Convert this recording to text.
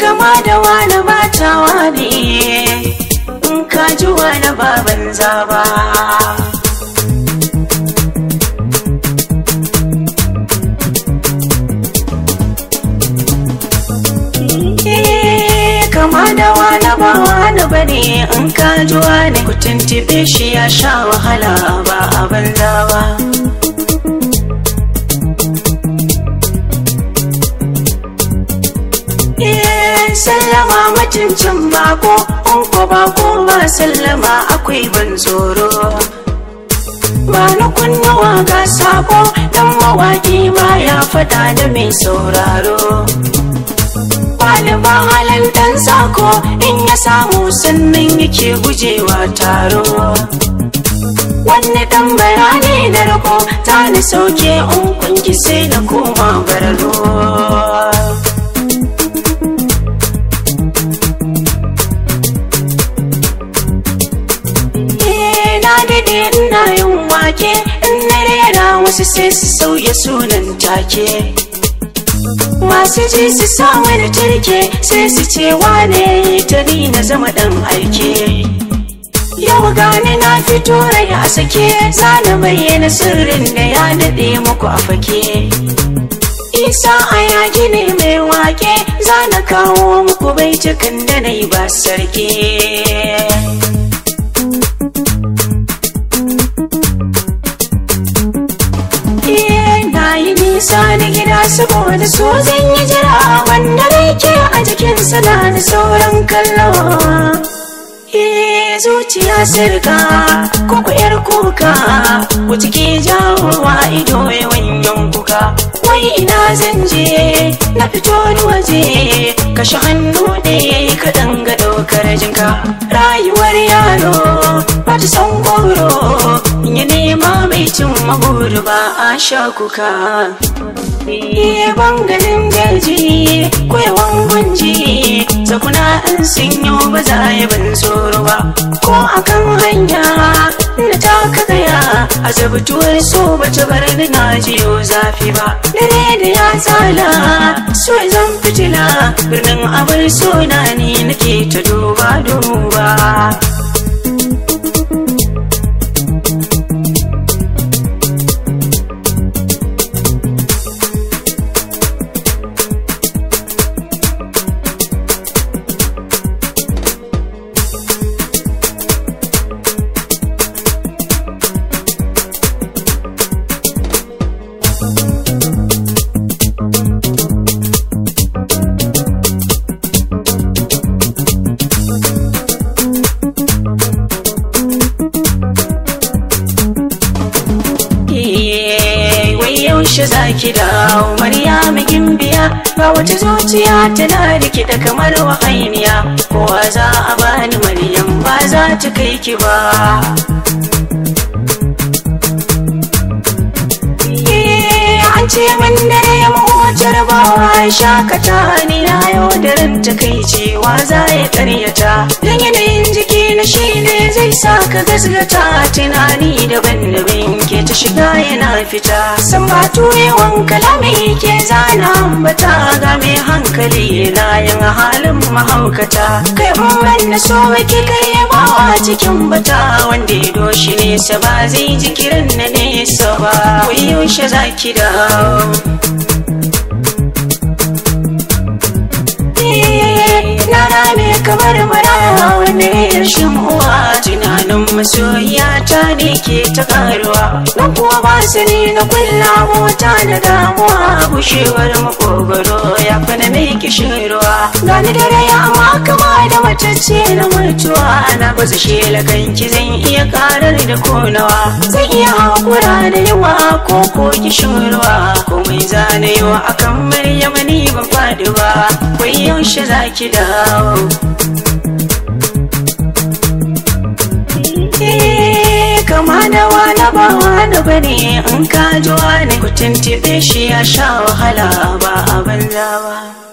kama da wani mata ne in ka ji wani baban zaba eh, kama da wani ba wani ba ne in ka ji shi ya sha wahala ba a banza ba sallama mutuncin mako in ko ba kuma sallama akwai ban tsoro ba na kunnuwa ga sako dan mawaki ya fada da mai sauraro ɗaliban halin dan sako in ya samu sannan yake gujewa taro wanne dan bayani da rako ta ni sauke in kunki sai na koma bararo ina yin wake in na rera wasu sai su sauya sunan take masu ji su sa wani tarke sai su ce wane ta ni na zama dan aike yau gani na fito rai a sake na bayyana sirrin da ya daɗe muku a fake isa a yaki ne mai wake zana kawo muku baitukan da na yi ba sarki nisa na gida saboda so zan yi jira wanda ke a jikin sana da sauran kallo zuciya sirka ku yar kuka wuce ke jawowa ido yawan kuka. wai ina zan je na fito ni waje kashe hannu ne ka danga daukar jinka rayuwar yaro ba ta san goro maguru ba a sha kuka Iye bangalin daji kwaiwan gunji sakuna in an sinyo ba za yi ban tsoro ba ko akan hanya da ta ka gaya a zabutuwar so ba ta bar da na jiyo zafi ba dare da ya tsala so zan fitila birnin abar so na ne nake ta duba duba yaushe za ki dawo maryamu gimbiya ga wata zuciya tana rikida kamar wahainiya kowa za a bani maryam ba za ta kai ki ba eh, an ce mun dare mu wacar ba shakata ni na yau daren takaicewa za ya karyata dan yanayin jiki na shi ne zai sa ka gasgata tunani daban-daban ke ta shiga yana fita san ba wanka kalami ke zana ambata ga mai hankali yana yin halin mahaukata kai ban na so wake kai bawa cikin bata wanda ya doshi nesa ba zai ji kiran na nesa ba wai yaushe za ki dawo na rame kamar marawa wani yarshin uwa tunanin masoyiya ta ne ke ta karuwa Na kuwa ba na kulla mota da damuwa bushewar makogoro ya yi kishirwa gani dare amma kama da matacce na mutuwa ana basu shela kanki zan iya karar da konawa zan iya hakura da yawa ko ko kishirwa komai zane yawa a maryama ni ba faɗi ba kwai yaushe za ki dawo eh, kama da wani ba wani ba ne ku tuntube shi ya sha wahala ba a banza